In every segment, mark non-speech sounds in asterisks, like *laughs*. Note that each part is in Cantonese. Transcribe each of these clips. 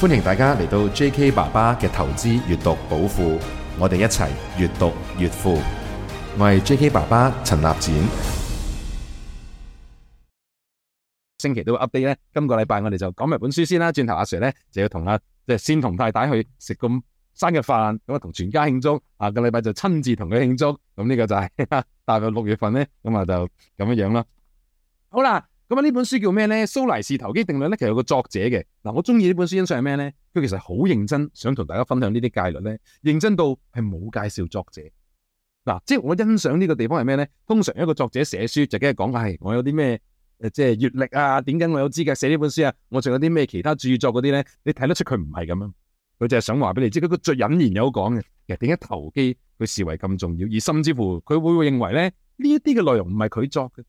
歡迎大家嚟到 J.K. 爸爸嘅投資閱讀寶庫，我哋一齊越讀越富。我係 J.K. 爸爸陳立展，星期都 update 咧。今個禮拜我哋就講埋本書先啦。轉頭阿 Sir 咧就要同阿即係先同太太去食個生日飯，咁啊同全家慶祝。下個禮拜就親自同佢慶祝。咁、這、呢個就係，大概六月份咧，咁啊就咁樣樣啦。好啦。咁啊，呢本書叫咩咧？蘇黎士投機定律咧，其實有個作者嘅嗱。我中意呢本書欣賞呢，欣賞係咩咧？佢其實好認真，想同大家分享呢啲戒律咧，認真到係冇介紹作者嗱、啊。即係我欣賞呢個地方係咩咧？通常一個作者寫書就梗係講，唉、哎，我有啲咩誒，即係閱歷啊，點解我有資格寫呢本書啊？我仲有啲咩其他著作嗰啲咧？你睇得出佢唔係咁樣？佢就係想話俾你知，佢最隱然有講嘅，其實點解投機佢視為咁重要，而甚至乎佢會認為咧呢一啲嘅內容唔係佢作嘅。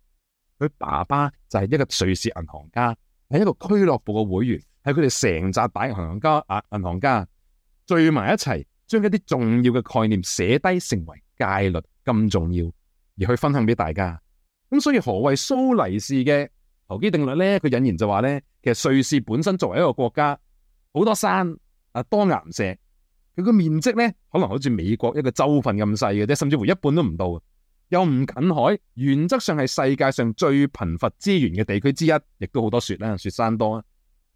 佢爸爸就係一個瑞士銀行家，係一個俱樂部嘅會員，係佢哋成紮大銀行家啊，銀行家聚埋一齊，將一啲重要嘅概念寫低，成為戒律咁重要，而去分享俾大家。咁所以何謂蘇黎士嘅投機定律咧？佢引言就話咧，其實瑞士本身作為一個國家，好多山啊，多岩石，佢個面積咧，可能好似美國一個州份咁細嘅啫，甚至乎一半都唔到。又唔近海，原則上係世界上最貧乏資源嘅地區之一，亦都好多雪啦、啊，雪山多啊，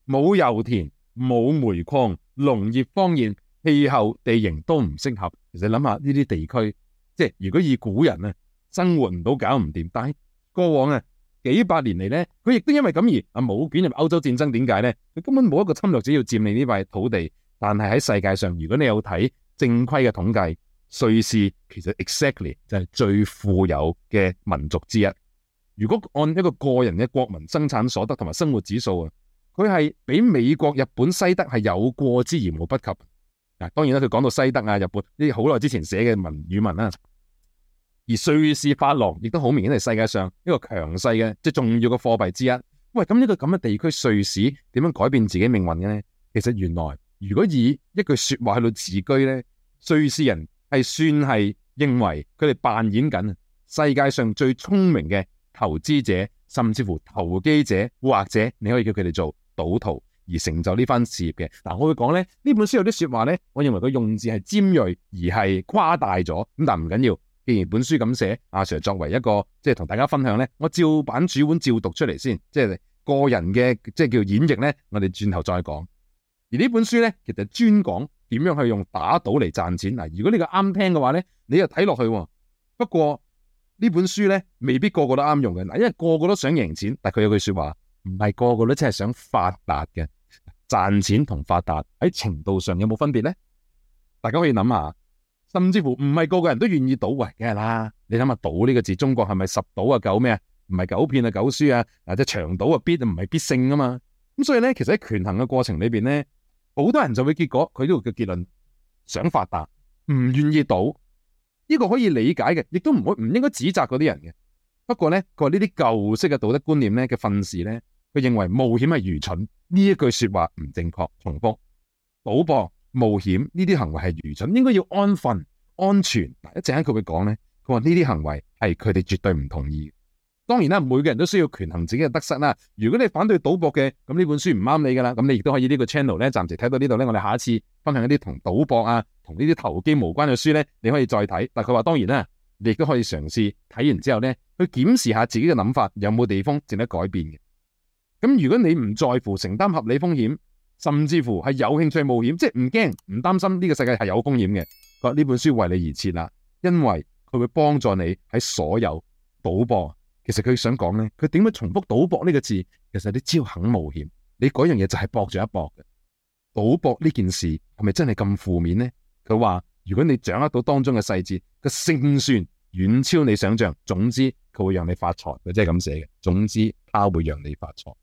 冇油田、冇煤礦、農業方面、氣候、地形都唔適合。其實諗下呢啲地區，即係如果以古人啊生活唔到，搞唔掂。但係過往啊幾百年嚟咧，佢亦都因為咁而啊冇捲入歐洲戰爭。點解咧？佢根本冇一個侵略者要佔領呢塊土地。但係喺世界上，如果你有睇正規嘅統計。瑞士其實 exactly 就係最富有嘅民族之一。如果按一個個人嘅國民生產所得同埋生活指數啊，佢係比美國、日本、西德係有過之而無不及。嗱，當然啦，佢講到西德啊、日本呢啲好耐之前寫嘅文語文啦、呀。而瑞士法郎亦都好明顯係世界上一個強勢嘅即係重要嘅貨幣之一。喂，咁呢個咁嘅地區瑞士點樣改變自己命運嘅呢？其實原來如果以一句説話喺度自居呢，瑞士人。係算係認為佢哋扮演緊世界上最聰明嘅投資者，甚至乎投機者，或者你可以叫佢哋做賭徒而成就呢番事業嘅。嗱，我會講咧，呢本書有啲説話咧，我認為佢用字係尖銳而係誇大咗。咁但唔緊要，既然本書咁寫，阿 Sir 作為一個即係同大家分享咧，我照版主本照讀出嚟，先即係個人嘅即係叫演繹咧，我哋轉頭再講。而呢本書咧，其實專講。點樣去用打賭嚟賺錢嗱？如果你個啱聽嘅話咧，你又睇落去。不過呢本書咧，未必個個都啱用嘅。嗱，因為個個都想贏錢，但係佢有句說話，唔係個個都真係想發達嘅。賺錢同發達喺程度上有冇分別咧？大家可以諗下，甚至乎唔係個個人都願意賭為嘅啦。你諗下賭呢個字，中國係咪十賭啊九咩啊？唔係九騙啊九輸啊？嗱、啊，即係長賭啊必唔係必勝噶嘛？咁所以咧，其實喺權衡嘅過程裏邊咧。好多人就會結果佢呢個嘅結論，想發達唔願意賭，呢個可以理解嘅，亦都唔會唔應該指責嗰啲人嘅。不過咧，佢話呢啲舊式嘅道德觀念咧嘅訓示咧，佢認為冒險係愚蠢呢一句說話唔正確。重複賭博冒險呢啲行為係愚蠢，應該要安分安全。嗱，一陣間佢會講咧，佢話呢啲行為係佢哋絕對唔同意。當然啦、啊，每個人都需要權衡自己嘅得失啦。如果你反對賭博嘅，咁呢本書唔啱你噶啦。咁你亦都可以個頻道呢個 channel 咧，暫時睇到呢度咧。我哋下一次分享一啲同賭博啊，同呢啲投機無關嘅書咧，你可以再睇。但佢話當然啦、啊，你亦都可以嘗試睇完之後咧，去檢視下自己嘅諗法有冇地方值得改變嘅。咁如果你唔在乎承擔合理風險，甚至乎係有興趣冒險，即係唔驚唔擔心呢個世界係有風險嘅，佢話呢本書為你而設啦，因為佢會幫助你喺所有賭博。其實佢想講咧，佢點樣重複賭博呢個字？其實你只要肯冒險，你嗰樣嘢就係搏咗一搏嘅。賭博呢件事係咪真係咁負面咧？佢話如果你掌握到當中嘅細節，個勝算遠超你想象。總之，佢會讓你發財，佢即係咁寫嘅。總之，他會讓你發財。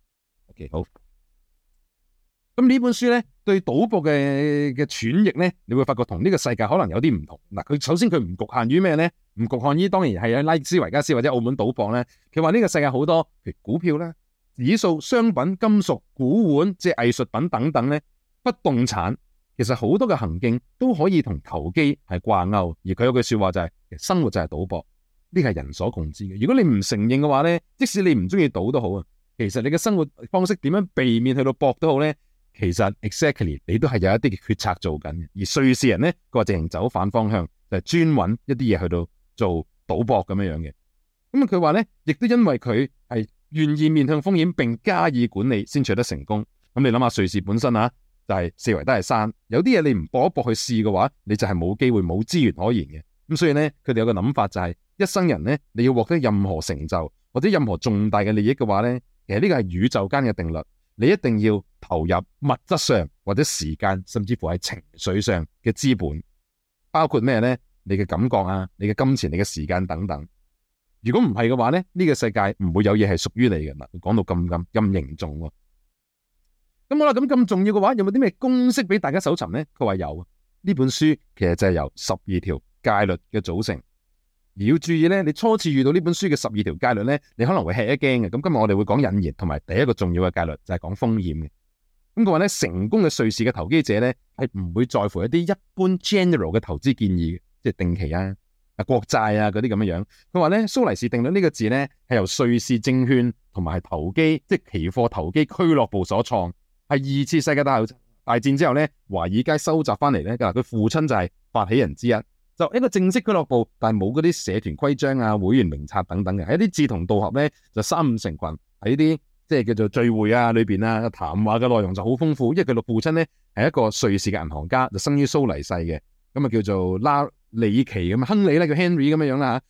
OK，好。咁呢本書咧，對賭博嘅嘅詮釋咧，你會發覺同呢個世界可能有啲唔同。嗱，佢首先佢唔局限於咩咧？唔局限於當然係喺拉斯維加斯或者澳門賭博咧。佢話呢個世界好多，譬如股票啦、指數、商品、金屬、古玩，即係藝術品等等咧，不動產。其實好多嘅行徑都可以同投機係掛鈎。而佢有句說話就係：「生活就係賭博，呢個係人所共知嘅。如果你唔承認嘅話咧，即使你唔中意賭都好啊，其實你嘅生活方式點樣避免去到搏都好咧。其實 exactly 你都係有一啲嘅決策做緊，而瑞士人咧，佢話直情走反方向，就係、是、專揾一啲嘢，去到做賭博咁樣樣嘅。咁、嗯、啊，佢話咧，亦都因為佢係願意面向風險並加以管理，先取得成功。咁、嗯、你諗下，瑞士本身啊，就係、是、四圍都係山，有啲嘢你唔搏一搏去試嘅話，你就係冇機會、冇資源可言嘅。咁、嗯、所以咧，佢哋有個諗法就係、是，一生人咧，你要獲得任何成就或者任何重大嘅利益嘅話咧，其實呢個係宇宙間嘅定律，你一定要。投入物質上或者時間，甚至乎係情緒上嘅資本，包括咩咧？你嘅感覺啊，你嘅金錢，你嘅時間等等。如果唔係嘅話咧，呢個世界唔會有嘢係屬於你嘅啦。講到咁咁咁嚴重喎。咁好啦，咁咁重要嘅話，有冇啲咩公式俾大家搜尋咧？佢話有啊，呢本書其實就係由十二條戒律嘅組成。而要注意咧，你初次遇到呢本書嘅十二條戒律咧，你可能會吃一驚嘅。咁今日我哋會講引言，同埋第一個重要嘅戒律就係講風險嘅。咁話咧，成功嘅瑞士嘅投資者咧，係唔會在乎一啲一般 general 嘅投資建議，即係定期啊、啊國債啊嗰啲咁樣樣。佢話咧，蘇黎士定律呢個字咧，係由瑞士證券同埋係投機，即係期貨投機俱樂部所創。係二次世界大戰大戰之後咧，華爾街收集翻嚟咧，嗱佢父親就係發起人之一，就一個正式俱樂部，但係冇嗰啲社團規章啊、會員名冊等等嘅，係一啲志同道合咧，就三五成群。喺啲。即係叫做聚會啊，裏邊啊，談話嘅內容就好豐富。因為佢老父親咧係一個瑞士嘅銀行家，就生於蘇黎世嘅，咁啊叫做拉里奇咁啊，亨利咧叫 Henry 咁樣樣啦。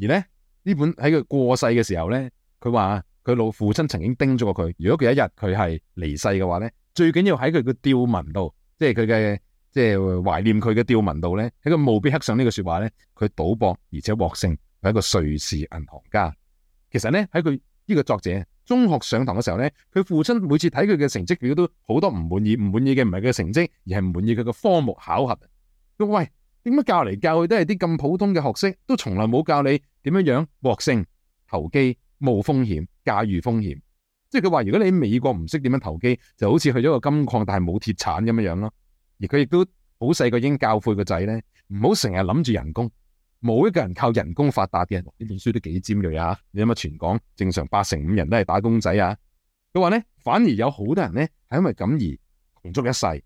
而咧呢本喺佢過世嘅時候咧，佢話佢老父親曾經叮咗過佢。如果佢一日佢係離世嘅話咧，最緊要喺佢嘅吊文度，即係佢嘅即係懷念佢嘅吊文度咧，喺佢墓碑刻上呢個說話咧，佢賭博而且獲勝係一個瑞士銀行家。其實咧喺佢呢個作者。中學上堂嘅時候咧，佢父親每次睇佢嘅成績表都好多唔滿意，唔滿意嘅唔係佢嘅成績，而係唔滿意佢嘅科目考核。咁喂，點解教嚟教去都係啲咁普通嘅學識，都從來冇教你點樣樣獲勝、投機、冒風險、駕馭風險？即係佢話如果你喺美國唔識點樣投機，就好似去咗個金礦但係冇鐵鏟咁樣樣咯。而佢亦都好細個已經教誨個仔咧，唔好成日諗住人工。冇一個人靠人工發達嘅人，呢本 *music* 書都幾尖銳啊！你有冇全港正常八成五人都係打工仔啊！佢話咧，反而有好多人咧，係因為咁而窮足一世。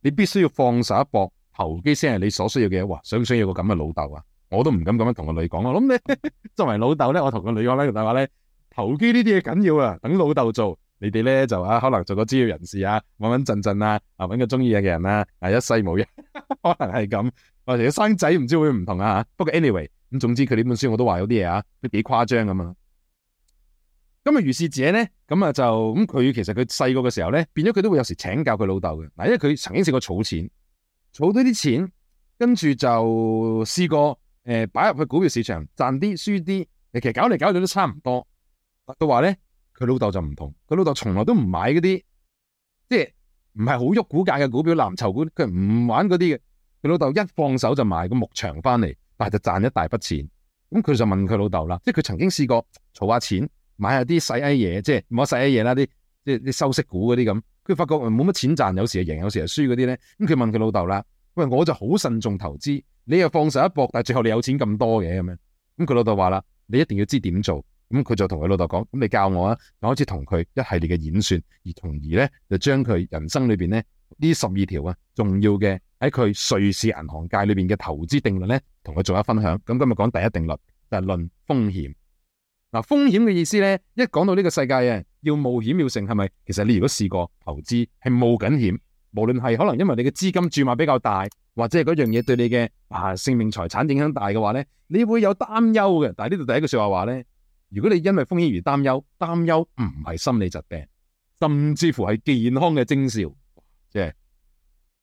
你必須要放手一搏，投機先係你所需要嘅。話想唔想要個咁嘅老豆啊？我都唔敢咁樣同個女講。我諗你 *laughs* 作為老豆咧，我同個女講咧就話咧，投機呢啲嘢緊要啊！等老豆做，你哋咧就啊可能做咗專業人士啊穩穩陣陣啊，啊揾個中意嘅人啦，啊，啊一世冇憂， *laughs* 可能係咁。或者生仔唔知會唔同啊吓，不過 anyway，咁總之佢呢本書我都話有啲嘢啊，都幾誇張㗎嘛。咁啊，如是者咧，咁啊就咁，佢其實佢細個嘅時候咧，變咗佢都會有時請教佢老豆嘅。嗱，因為佢曾經試過儲錢，儲多啲錢，跟住就試過誒，擺、呃、入去股票市場賺啲輸啲，其實搞嚟搞去都差唔多。佢話咧，佢老豆就唔同，佢老豆從來都唔買嗰啲，即係唔係好喐股價嘅股票藍籌股，佢唔玩嗰啲嘅。佢老豆一放手就買個牧場翻嚟，但係就賺一大筆錢。咁、嗯、佢就問佢老豆啦，即係佢曾經試過儲下錢，買下啲細 I 嘢，即係唔係細 I 嘢啦啲，即係啲收息股嗰啲咁。佢發覺冇乜錢賺，有時就贏，有時就輸嗰啲咧。咁佢、嗯、問佢老豆啦，喂，我就好慎重投資，你又放手一搏，但係最後你有錢咁多嘅咁樣。咁、嗯、佢老豆話啦，你一定要知點做。咁、嗯、佢就同佢老豆講，咁、嗯、你教我啊，我開始同佢一系列嘅演算，而同而咧就將佢人生裏邊咧。呢十二條啊，重要嘅喺佢瑞士銀行界裏邊嘅投資定律呢，同佢做一分享。咁今日講第一定律就係、是、論風險。嗱、啊，風險嘅意思呢，一講到呢個世界啊，要冒險要成係咪？其實你如果試過投資係冒緊險，無論係可能因為你嘅資金注碼比較大，或者係嗰樣嘢對你嘅啊性命財產影響大嘅話呢，你會有擔憂嘅。但係呢度第一句說話話呢，如果你因為風險而擔憂，擔憂唔係心理疾病，甚至乎係健康嘅徵兆。即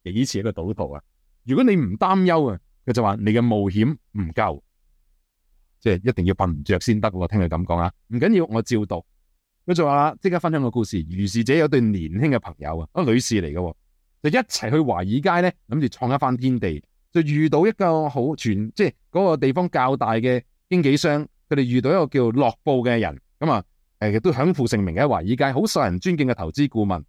係幾次一個賭徒啊！如果你唔擔憂啊，佢就話你嘅冒險唔夠，即係一定要瞓唔著先得喎。聽佢咁講啊，唔緊要,要，我照讀。佢就話即刻分享個故事。如是者有對年輕嘅朋友啊，啊女士嚟嘅，就一齊去華爾街咧，諗住創一番天地，就遇到一個好全即係嗰個地方較大嘅經紀商，佢哋遇到一個叫洛布嘅人，咁、嗯、啊，誒、嗯、亦都享負盛名喺華爾街，好受人尊敬嘅投資顧問。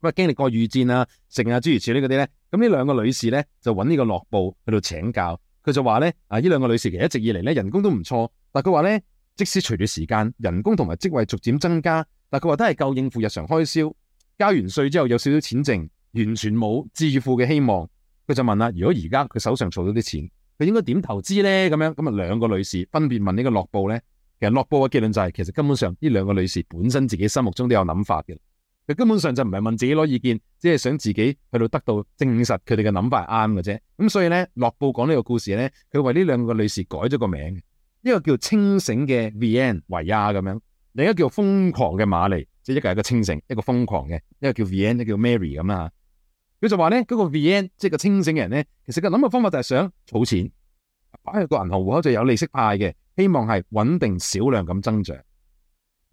咁啊，經歷過預戰啊、成啊諸如此類嗰啲咧，咁呢兩個女士咧就揾呢個樂部去度請教，佢就話咧，啊呢兩個女士其實一直以嚟咧人工都唔錯，但佢話咧，即使隨住時間人工同埋職位逐漸增加，但佢話都係夠應付日常開銷，交完稅之後有少少錢剩，完全冇致富嘅希望。佢就問啦、啊，如果而家佢手上儲咗啲錢，佢應該點投資咧？咁樣咁啊，兩個女士分別問個呢個樂部咧，其實樂部嘅結論就係、是，其實根本上呢兩個女士本身自己心目中都有諗法嘅。佢根本上就唔係問自己攞意見，只係想自己去到得到證實佢哋嘅諗法係啱嘅啫。咁所以咧，洛布講呢個故事咧，佢為呢兩個女士改咗個名，一個叫清醒嘅 Vian 維亞咁樣，另一個叫瘋狂嘅瑪麗，即係一個係個清醒，一個瘋狂嘅，一個叫 Vian，一個叫 Mary 咁啦。佢就話咧，嗰、那個 Vian 即係個清醒嘅人咧，其實個諗嘅方法就係想儲錢，擺喺個銀行戶口就有利息派嘅，希望係穩定少量咁增長。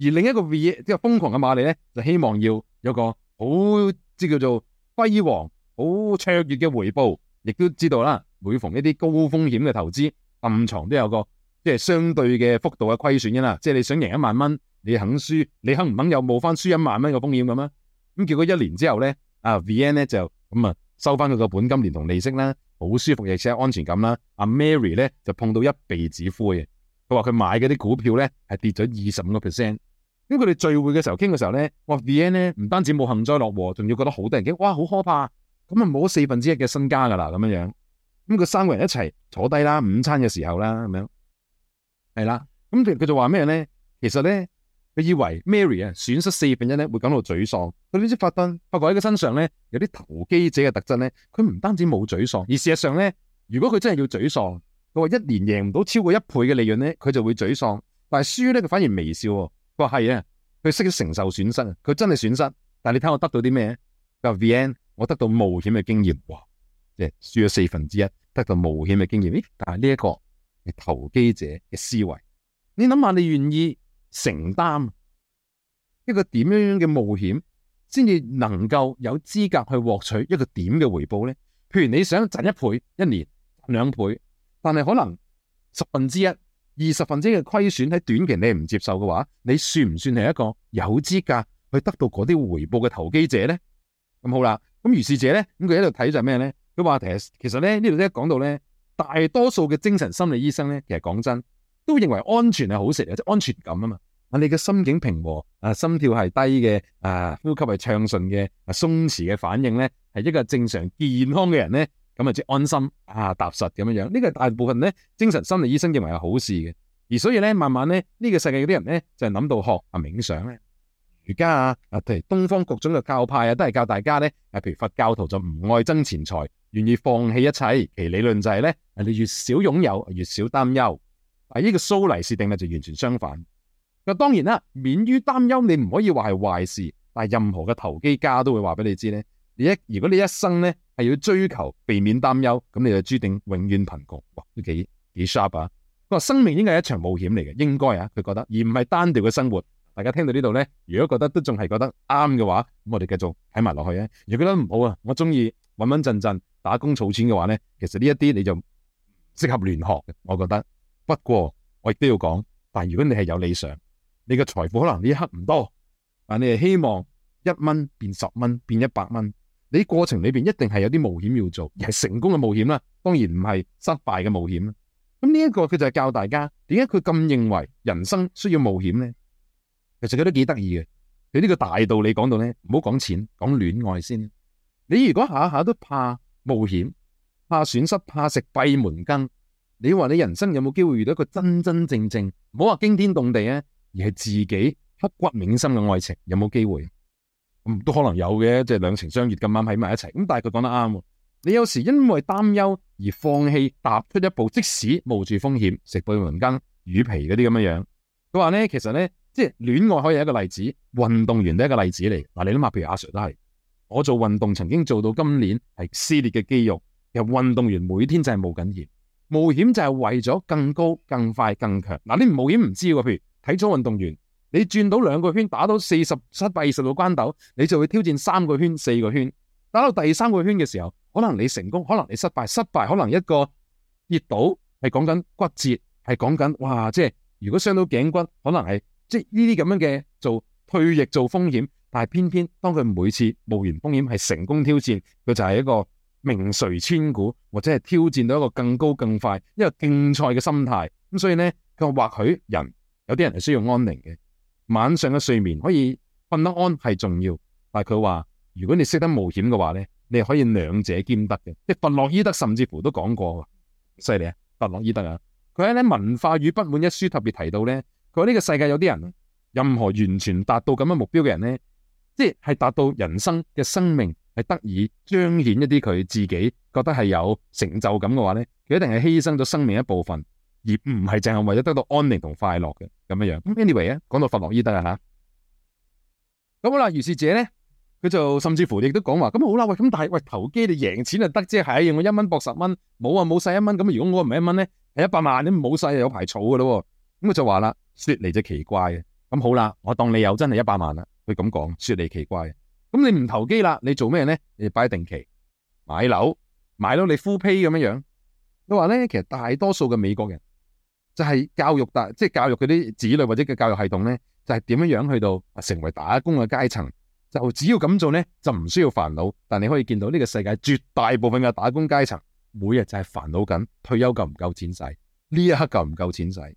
而另一個 van 即係瘋狂嘅瑪利咧，就希望要有個好即叫做輝煌、好卓越嘅回報。亦都知道啦，每逢一啲高風險嘅投資，暗藏都有個即係相對嘅幅度嘅虧損嘅啦。即係你想贏一萬蚊，你肯輸，你肯唔肯有冇翻輸一萬蚊嘅風險咁啊？咁結果一年之後咧，阿 van 咧就咁啊收翻佢個本金連同利息啦，好舒服，而且安全感啦。阿、啊、Mary 咧就碰到一鼻子灰，佢話佢買嗰啲股票咧係跌咗二十五個 percent。咁佢哋聚會嘅時候傾嘅時候咧，哇 a N 咧唔單止冇幸災樂禍，仲要覺得好得人驚，哇，好可怕！咁啊，冇四分之一嘅身家噶啦，咁樣樣。咁佢三個人一齊坐低啦，午餐嘅時候啦，咁樣係啦。咁佢就話咩咧？其實咧，佢以為 Mary 啊，損失四分一咧，會感到沮喪。佢呢啲法盾，發覺喺佢身上咧，有啲投機者嘅特徵咧。佢唔單止冇沮喪，而事實上咧，如果佢真係要沮喪，佢話一年贏唔到超過一倍嘅利潤咧，佢就會沮喪。但係輸咧，佢反而微笑、哦。佢話係啊，佢識承受損失啊，佢真係損失，但係你睇我得到啲咩？就 VN，我得到冒險嘅經驗，即係輸咗四分之一，得到冒險嘅經驗。但係呢一個係投機者嘅思維，你諗下，你願意承擔一個點樣樣嘅冒險，先至能夠有資格去獲取一個點嘅回報咧？譬如你想賺一倍、一年兩倍，但係可能十分之一，二十分之一嘅虧損喺短期你唔接受嘅話，你算唔算係一個有資格去得到嗰啲回報嘅投機者咧？咁好啦，咁如是者咧，咁佢喺度睇就係咩咧？佢話題其實咧呢度咧講到咧，大多數嘅精神心理醫生咧，其實講真都認為安全係好事嘅，即安全感啊嘛。啊，你嘅心境平和啊，心跳係低嘅啊，呼吸係暢順嘅啊，鬆弛嘅反應咧，係一個正常健康嘅人咧。咁啊，即安心啊，踏實咁樣樣，呢個大部分咧，精神心理醫生認為係好事嘅，而所以咧，慢慢咧，呢、這個世界嗰啲人咧就係、是、諗到學啊冥想咧，瑜伽、啊，啊，譬如東方各種嘅教派啊，都係教大家咧，啊，譬如佛教徒就唔愛爭錢財，願意放棄一切，其理論就係咧，你越少擁有，越少擔憂，但呢個蘇黎士定律就完全相反。嗱，當然啦、啊，免於擔憂你唔可以話係壞事，但係任何嘅投機家都會話俾你知咧。你一如果你一生咧係要追求避免擔憂，咁你就注定永遠貧窮。哇，都幾幾 sharp 啊！佢話生命應該係一場冒險嚟嘅，應該啊，佢覺得而唔係單調嘅生活。大家聽到呢度咧，如果覺得都仲係覺得啱嘅話，咁我哋繼續睇埋落去啊。如果覺得唔好啊，我中意穩穩陣陣打工儲錢嘅話咧，其實呢一啲你就適合聯學嘅，我覺得。不過我亦都要講，但如果你係有理想，你嘅財富可能呢一刻唔多，但你係希望一蚊變十蚊，變一百蚊。你過程裏邊一定係有啲冒險要做，而係成功嘅冒險啦，當然唔係失敗嘅冒險啦。咁呢一個佢就係教大家點解佢咁認為人生需要冒險呢？其實佢都幾得意嘅。佢呢個大道理講到呢，唔好講錢，講戀愛先。你如果下下都怕冒險、怕損失、怕食閉門羹，你話你人生有冇機會遇到一個真真正正唔好話驚天動地咧，而係自己刻骨銘心嘅愛情，有冇機會？咁、嗯、都可能有嘅，即係兩情相悦咁啱喺埋一齊。咁但係佢講得啱，你有時因為擔憂而放棄踏出一步，即使冒住風險食閉門羹，魚皮嗰啲咁樣樣。佢話咧，其實咧，即係戀愛可以係一個例子，運動員都係一個例子嚟。嗱、啊，你諗下，譬如阿、啊、Sir 都係，我做運動曾經做到今年係撕裂嘅肌肉。又實運動員每天就係冒緊險，冒險就係為咗更高、更快、更強。嗱、啊，你唔冒險唔知喎。譬如體操運動員。你轉到兩個圈，打到四十七八二十個關斗，你就會挑戰三個圈、四個圈。打到第三個圈嘅時候，可能你成功，可能你失敗，失敗可能一個跌倒係講緊骨折，係講緊哇，即係如果傷到頸骨，可能係即係呢啲咁樣嘅做退役做風險。但係偏偏當佢每次冒完風險係成功挑戰，佢就係一個名垂千古，或者係挑戰到一個更高更快，一個競賽嘅心態咁，所以呢，佢話或許人有啲人係需要安寧嘅。晚上嘅睡眠可以瞓得安係重要，但係佢話如果你識得冒險嘅話咧，你係可以兩者兼得嘅。弗洛伊德甚至乎都講過，犀利啊！弗洛伊德啊，佢喺《文化與不滿》一書特別提到咧，佢話呢個世界有啲人，任何完全達到咁嘅目標嘅人，呢即係達到人生嘅生命係得以彰顯一啲佢自己覺得係有成就感嘅話，呢佢一定係犧牲咗生命一部分。而唔係淨係為咗得到安寧同快樂嘅咁樣樣。咁 anyway 啊，講到佛洛伊德啊吓，咁好啦，如是者咧，佢就甚至乎亦都講話咁好啦，喂，咁但係喂投機你贏錢就得啫，係我一蚊博十蚊，冇啊冇晒一蚊，咁如果我唔係一蚊咧，係一百萬，你冇晒有排儲噶咯。咁、嗯、佢就話啦，說嚟就奇怪嘅。咁、嗯、好啦，我當你又真係一百萬啦，佢咁講，說嚟奇怪嘅。咁、嗯、你唔投機啦，你做咩咧？你擺定期，買樓，買到你 full pay 咁樣樣。佢話咧，其實大多數嘅美國人。就係教育大，即係教育嗰啲子女或者嘅教育系統咧，就係點樣樣去到成為打工嘅階層？就只要咁做咧，就唔需要煩惱。但你可以見到呢個世界絕大部分嘅打工階層，每日就係煩惱緊退休夠唔夠錢使？呢一刻夠唔夠錢使？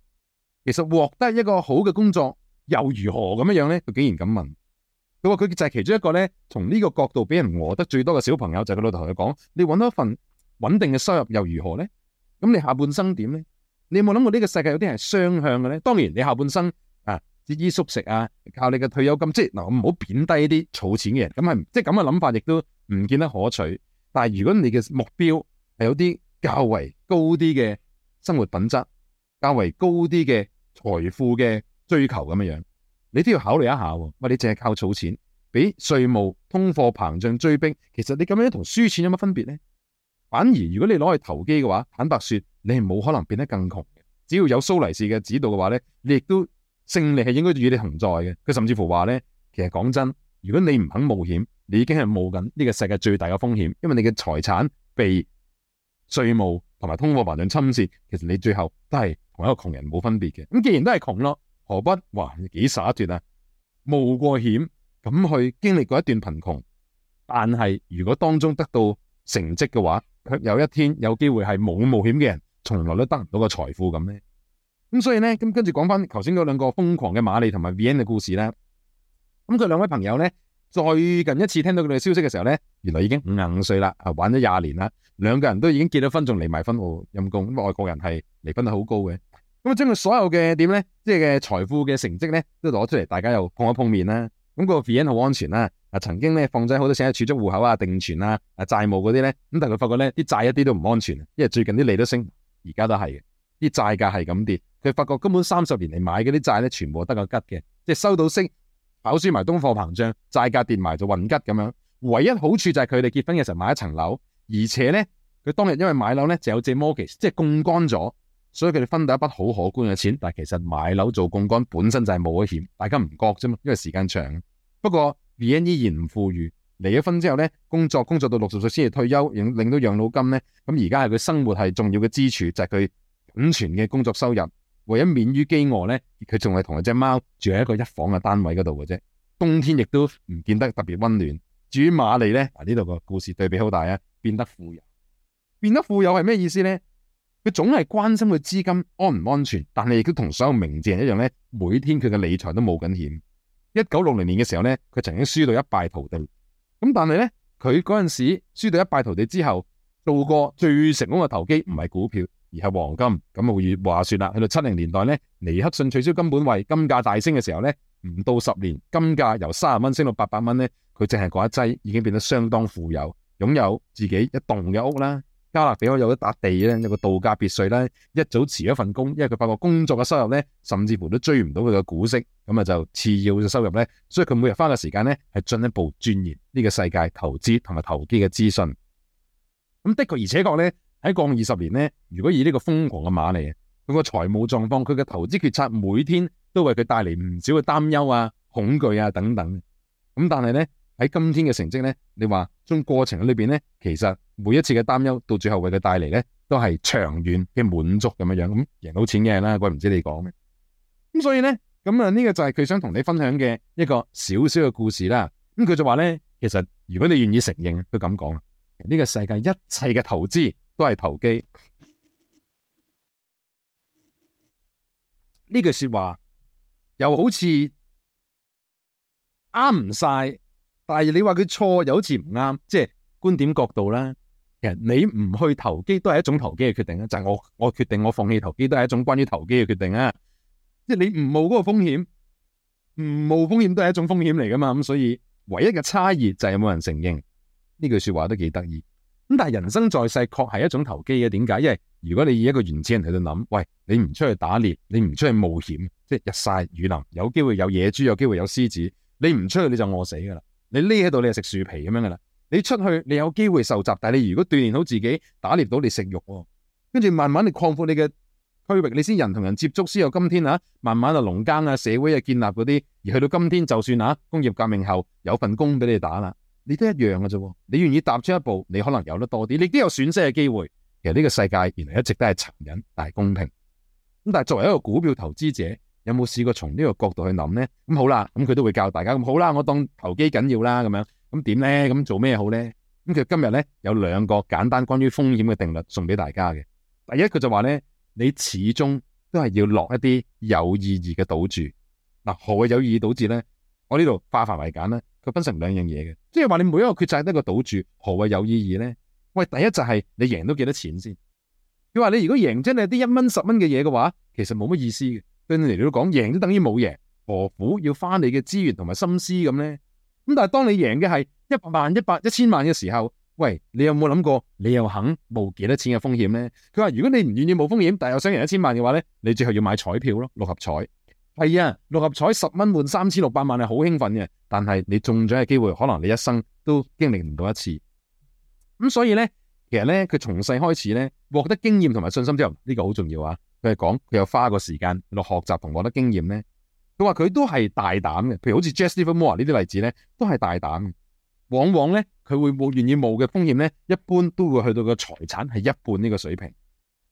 其實獲得一個好嘅工作又如何咁樣樣咧？佢竟然咁問。佢話佢就係其中一個咧，從呢個角度俾人餓得最多嘅小朋友，就係佢老豆同佢講：你搵到一份穩定嘅收入又如何咧？咁你下半生點咧？你有冇諗過呢個世界有啲人係雙向嘅咧？當然，你下半生啊，節衣縮食啊，靠你嘅退休金。即係嗱，我唔好貶低啲儲錢嘅人，咁係即係咁嘅諗法，亦都唔見得可取。但係如果你嘅目標係有啲較為高啲嘅生活品質、較為高啲嘅財富嘅追求咁樣樣，你都要考慮一下啊。唔係你淨係靠儲錢，俾稅務、通貨膨脹追兵，其實你咁樣同輸錢有乜分別咧？反而如果你攞去投機嘅話，坦白說你係冇可能變得更窮嘅。只要有蘇黎士嘅指導嘅話咧，你亦都勝利係應該與你同在嘅。佢甚至乎話咧，其實講真，如果你唔肯冒險，你已經係冒緊呢個世界最大嘅風險，因為你嘅財產被稅務同埋通貨膨脹侵蝕，其實你最後都係同一個窮人冇分別嘅。咁既然都係窮咯，何不哇幾灑脫啊？冒過險咁去經歷過一段貧窮，但係如果當中得到成績嘅話。佢有一天有機會係冇冒，冒險嘅人，從來都得唔到個財富咁咧。咁所以咧，咁跟住講翻頭先嗰兩個瘋狂嘅馬利同埋 Van 嘅故事啦。咁佢兩位朋友咧，最近一次聽到佢哋消息嘅時候咧，原來已經五廿五歲啦，啊玩咗廿年啦，兩個人都已經結咗婚，仲離埋婚喎陰公。咁、哦，外國人係離婚得好高嘅。咁啊將佢所有嘅點咧，即係嘅財富嘅成績咧，都攞出嚟，大家又碰一碰面啦。咁個 f e e 好安全啦、啊。啊，曾經呢，放咗好多錢喺儲蓄戶口啊、定存啊、啊債務嗰啲呢。但係佢發覺呢啲債一啲都唔安全，因為最近啲利都升，而家都係嘅，啲債價係咁跌。佢發覺根本三十年嚟買嗰啲債呢，全部得個吉嘅，即係收到息，跑輸埋通貨膨脹，債價跌埋就混吉咁樣。唯一好處就係佢哋結婚嘅時候買一層樓，而且呢，佢當日因為買樓呢，就有借 mortgage，即係供乾咗。所以佢哋分到一筆好可觀嘅錢，但係其實買樓做槓桿本身就係冒險，大家唔覺啫嘛，因為時間長。不過 B N 依然唔富裕，離咗婚之後咧，工作工作到六十歲先至退休，令到養老金咧，咁而家係佢生活係重要嘅支柱，就係佢僅存嘅工作收入，為咗免於飢餓咧，佢仲係同一隻貓住喺一個一房嘅單位嗰度嘅啫，冬天亦都唔見得特別溫暖。至於瑪麗咧，嗱呢度個故事對比好大啊，變得富有，變得富有係咩意思咧？佢總係關心佢資金安唔安全，但係亦都同所有名匠一樣咧，每天佢嘅理財都冒緊險。一九六零年嘅時候咧，佢曾經輸到一敗塗地。咁但係咧，佢嗰陣時輸到一敗塗地之後，做過最成功嘅投機唔係股票，而係黃金。咁冇如話說啦，去到七零年代咧，尼克遜取消金本位，金價大升嘅時候咧，唔到十年，金價由三十蚊升到八百蚊咧，佢淨係講一劑，已經變得相當富有，擁有自己一棟嘅屋啦。加勒比有一笪地咧，有個度假別墅咧，一早辭咗份工，因為佢發覺工作嘅收入咧，甚至乎都追唔到佢嘅股息，咁啊就次要嘅收入咧，所以佢每日花嘅時間咧係進一步鑽研呢個世界投資同埋投機嘅資訊。咁的確，而且確咧喺過去二十年咧，如果以呢個瘋狂嘅馬嚟，佢個財務狀況、佢嘅投資決策，每天都為佢帶嚟唔少嘅擔憂啊、恐懼啊等等。咁但係咧。喺今天嘅成績咧，你話將過程裏邊咧，其實每一次嘅擔憂到最後為佢帶嚟咧，都係長遠嘅滿足咁樣樣。咁贏到錢嘅人啦，鬼唔知你講咩。咁所以咧，咁啊呢個就係佢想同你分享嘅一個小小嘅故事啦。咁、嗯、佢就話咧，其實如果你願意承認，都咁講啊，呢、這個世界一切嘅投資都係投機。呢 *laughs* 句說話又好似啱唔晒。但係你話佢錯，又好似唔啱，即係觀點角度啦。其實你唔去投機都係一種投機嘅決定啦。就係、是、我我決定我放棄投機都係一種關於投機嘅決定啊。即係你唔冒嗰個風險，唔冒風險都係一種風險嚟噶嘛。咁所以唯一嘅差異就係有冇人承認呢句說話都幾得意。咁但係人生在世確係一種投機嘅，點解？因為如果你以一個原始人喺度諗，喂，你唔出去打獵，你唔出去冒險，即係日曬雨淋，有機會有野豬，有機會有獅子，子，你唔出去你就餓死噶啦。你匿喺度，你係食樹皮咁樣噶啦。你出去，你有機會受襲，但係你如果鍛煉好自己，打獵到你食肉，哦，跟住慢慢你擴闊你嘅區域，你先人同人接觸，先有今天啊。慢慢啊，農耕啊，社會啊，建立嗰啲，而去到今天，就算啊，工業革命後有份工俾你打啦，你都一樣噶啫，哦。你願意踏出一步，你可能有得多啲，你都有損失嘅機會。其實呢個世界原來一直都係殘忍，但係公平。咁但係作為一個股票投資者。有冇試過從呢個角度去諗咧？咁好啦，咁佢都會教大家咁好啦。我當投機緊要啦，咁樣咁點咧？咁做咩好咧？咁佢今日咧有兩個簡單關於風險嘅定律送俾大家嘅。第一，佢就話咧，你始終都係要落一啲有意義嘅賭注嗱、啊。何謂有意義賭注咧？我呢度化繁為簡啦，佢分成兩樣嘢嘅，即係話你每一個決策得個賭注何謂有意義咧？喂，第一就係你贏到幾多錢先？佢話你如果贏真係啲一蚊十蚊嘅嘢嘅話，其實冇乜意思嘅。對你嚟都講贏都等於冇贏，何苦要花你嘅資源同埋心思咁咧？咁但係當你贏嘅係一百萬、一百、一千萬嘅時候，喂，你有冇諗過你又肯冒幾多錢嘅風險咧？佢話如果你唔願意冒風險，但係又想贏一千萬嘅話咧，你最後要買彩票咯，六合彩係啊，六合彩十蚊換三千六百萬係好興奮嘅，但係你中獎嘅機會可能你一生都經歷唔到一次。咁所以咧，其實咧，佢從細開始咧，獲得經驗同埋信心之後，呢個好重要啊。佢係講佢有花過時間去學習同獲得經驗咧，佢話佢都係大膽嘅，譬如好似 Jesse Livermore 呢啲例子咧，都係大膽嘅。往往咧，佢會冇願意冒嘅風險咧，一般都會去到個財產係一半呢個水平。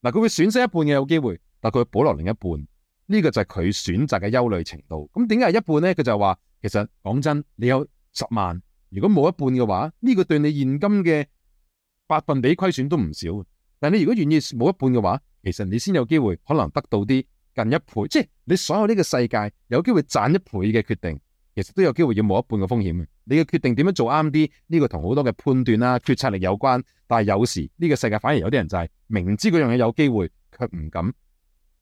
嗱，佢會損失一半嘅有機會，但佢保留另一半，呢、這個就係佢選擇嘅憂慮程度。咁點解係一半咧？佢就話其實講真，你有十萬，如果冇一半嘅話，呢、這個對你現金嘅百分比虧損都唔少。但你如果願意冇一半嘅話，其實你先有機會可能得到啲近一倍，即、就、係、是、你所有呢個世界有機會賺一倍嘅決定，其實都有機會要冒一半嘅風險嘅。你要決定點樣做啱啲，呢、這個同好多嘅判斷啦、啊、決策力有關。但係有時呢、這個世界反而有啲人就係明知嗰樣嘢有機會，卻唔敢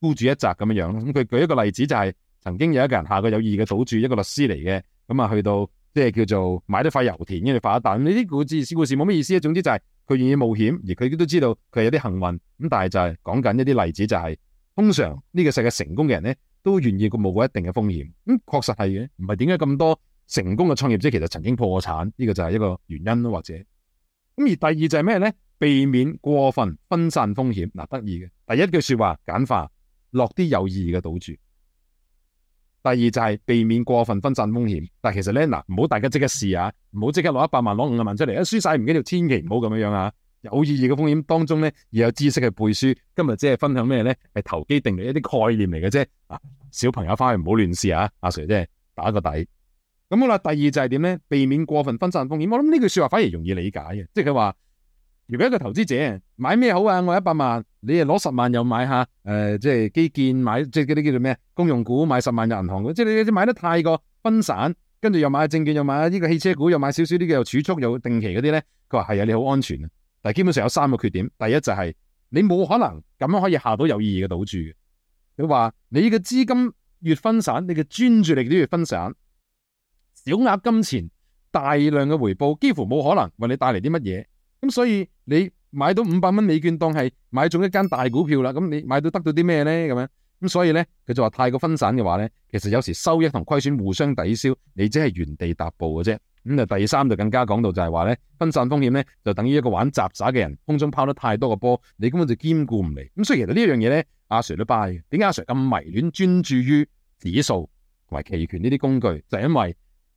孤注一擲咁樣樣。佢舉一個例子就係、是，曾經有一個人下個有意嘅賭注，一個律師嚟嘅，咁啊去到即係、就是、叫做買咗塊油田跟住發一啖。呢啲故事小故事冇乜意思，總之就係、是。佢願意冒險，而佢亦都知道佢有啲幸運咁，但係就係講緊一啲例子、就係，就係通常呢個世界成功嘅人咧，都願意佢冒過一定嘅風險，咁、嗯、確實係嘅，唔係點解咁多成功嘅創業者其實曾經破產呢、這個就係一個原因咯，或者咁而第二就係咩咧？避免過分分，分散風險嗱、啊，得意嘅第一句說話，簡化落啲有意義嘅賭注。第二就係避免過分分散風險，但係其實咧嗱，唔好大家即刻試啊，唔好即刻攞一百萬攞五十萬出嚟，一、啊、輸晒唔緊要，千祈唔好咁樣樣啊！有意義嘅風險當中咧，要有知識去背書。今日即係分享咩咧？係投機定律一啲概念嚟嘅啫。啊，小朋友翻去唔好亂試啊！阿、啊、Sir 即係打個底。咁好啦，第二就係點咧？避免過分分散風險。我諗呢句說話反而容易理解嘅，即係佢話。如果一個投資者買咩好啊？我一百萬，你又攞十萬又買下，誒、呃，即係基建買，即係嗰啲叫做咩公用股買十萬入銀行，即係你你買得太過分散，跟住又買證券，又買呢個汽車股，又買少少啲、這、嘅、個這個，又儲蓄又定期嗰啲咧，佢話係啊，你好安全啊，但係基本上有三個缺點，第一就係你冇可能咁樣可以下到有意義嘅賭注嘅。佢話你嘅資金越分散，你嘅專注力都越分散，小額金錢大量嘅回報幾乎冇可能為你帶嚟啲乜嘢。咁所以你買到五百蚊美券當係買中一間大股票啦，咁你買到得到啲咩咧？咁樣咁所以咧，佢就話太過分散嘅話咧，其實有時收益同虧損互相抵消，你只係原地踏步嘅啫。咁、嗯、啊，第三就更加講到就係話咧，分散風險咧，就等於一個玩雜耍嘅人空中拋得太多個波，你根本就兼顧唔嚟。咁所以其實呢一樣嘢咧，阿 Sir 都拜嘅。點解阿 Sir 咁迷戀專注於指數同埋期權呢啲工具？就係、是、因為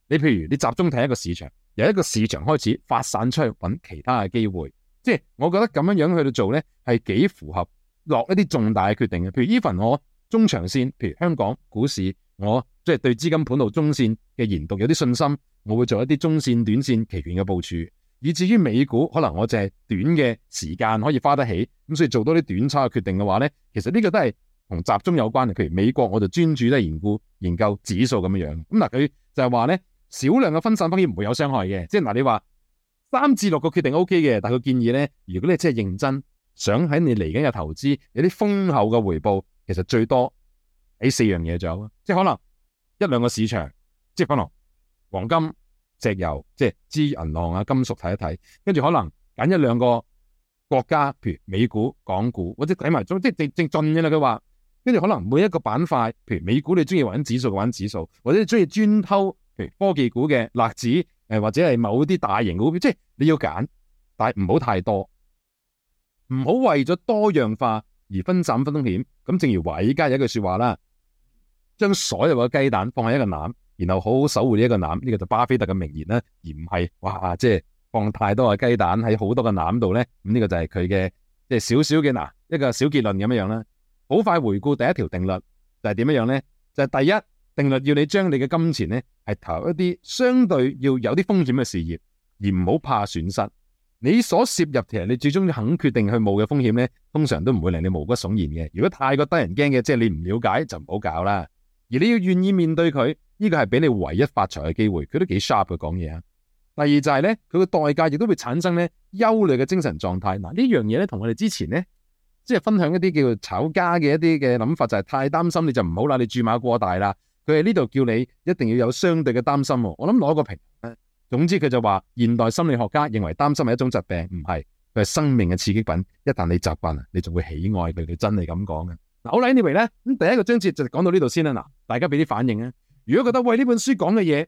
你譬如你集中睇一個市場。由一個市場開始發散出去，揾其他嘅機會，即係我覺得咁樣樣去到做咧，係幾符合落一啲重大嘅決定嘅。譬如呢份我中長線，譬如香港股市，我即係對資金盤路中線嘅研讀有啲信心，我會做一啲中線、短線期權嘅部署。以至於美股，可能我淨係短嘅時間可以花得起，咁所以做多啲短差嘅決定嘅話咧，其實呢個都係同集中有關。譬如美國，我就專注都係研究、研究指數咁樣樣。咁嗱佢就係話咧，少量嘅分散風險唔會有傷害嘅，即係嗱，你話三至六個決定 O K 嘅，但係佢建議咧，如果你真係認真想喺你嚟緊嘅投資有啲豐厚嘅回報，其實最多喺四樣嘢走，即係可能一兩個市場，即係可能黃金、石油，即係支銀行啊、金屬睇一睇，跟住可能揀一兩個國家，譬如美股、港股，或者睇埋即係正正進嘅啦。佢話跟住可能每一個板塊，譬如美股你中意玩指數就玩指數，或者你中意專偷。科技股嘅例子，誒或者係某啲大型股票，即係你要揀，但係唔好太多，唔好為咗多樣化而分散風險。咁正如華爾街有一句說話啦，將所有嘅雞蛋放喺一個籃，然後好好守護呢一個籃，呢、這個就巴菲特嘅名言啦，而唔係哇即係放太多嘅雞蛋喺好多嘅籃度咧。咁、這、呢個就係佢嘅即係少少嘅嗱一個小結論咁樣樣啦。好快回顧第一條定律就係點樣樣咧？就係、是就是、第一。定律要你將你嘅金錢呢，係投入一啲相對要有啲風險嘅事業，而唔好怕損失。你所涉入其實你最終肯決定去冒嘅風險呢，通常都唔會令你毛骨悚然嘅。如果太過得人驚嘅，即係你唔了解就唔好搞啦。而你要願意面對佢，呢個係俾你唯一發財嘅機會。佢都幾 sharp 嘅講嘢啊。第二就係呢，佢嘅代價亦都會產生呢憂慮嘅精神狀態。嗱，呢樣嘢呢，同我哋之前呢，即係分享一啲叫做炒家嘅一啲嘅諗法，就係太擔心你就唔好啦，你注碼過大啦。佢喺呢度叫你一定要有相對嘅擔心，哦。我諗攞個平衡咧。總之佢就話，現代心理學家認為擔心係一種疾病，唔係，佢係生命嘅刺激品。一旦你習慣啊，你就會喜愛佢。真係咁講嘅。嗱、anyway，好啦，anyway 咧，咁第一個章節就講到呢度先啦。嗱，大家俾啲反應啊。如果覺得喂，呢本書講嘅嘢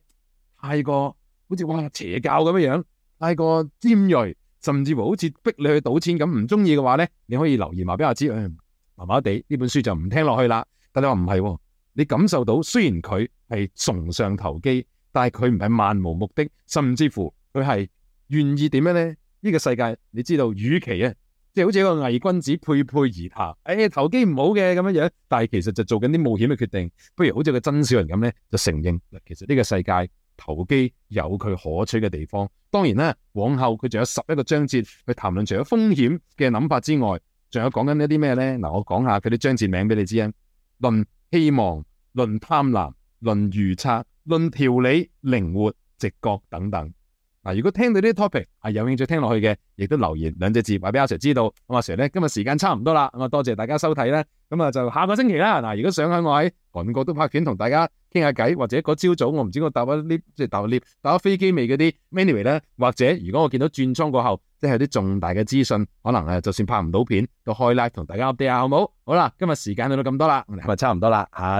太過好似哇邪教咁樣樣，太過尖銳，甚至乎好似逼你去賭錢咁唔中意嘅話咧，你可以留言話俾阿芝，誒、哎，麻麻地呢本書就唔聽落去啦。但你話唔係。你感受到雖然佢係崇尚投機，但係佢唔係漫無目的，甚至乎佢係願意點樣呢？呢、這個世界你知道，與其咧，即好似一個偽君子佩佩，沛沛而談，誒，投機唔好嘅咁樣樣，但係其實就做緊啲冒險嘅決定。不如好似個真小人咁咧，就承認其實呢個世界投機有佢可取嘅地方。當然啦，往後佢仲有十一個章節去談論除咗風險嘅諗法之外，仲有講緊一啲咩咧？嗱，我講下佢啲章節名俾你知啊。論希望。論貪婪、論預測、論條理、靈活直覺等等。嗱、啊，如果聽到啲 topic 係、啊、有興趣聽落去嘅，亦都留言兩隻字，話俾阿 Sir 知道。咁阿 Sir 咧，今日時間差唔多啦，咁啊多謝大家收睇啦。咁啊就下個星期啦。嗱、啊，如果想喺我喺韓國都拍片同大家傾下偈，或者嗰朝早我唔知我搭咗呢即係搭 lift 搭咗飛機未嗰啲，anyway 咧，anyway, 或者如果我見到轉倉過後，即係有啲重大嘅資訊，可能誒就算拍唔到片，都開 live 同大家 update 下，好唔好？好啦，今日時間到到咁多啦，咁啊差唔多啦吓。